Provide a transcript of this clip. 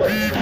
Yeah.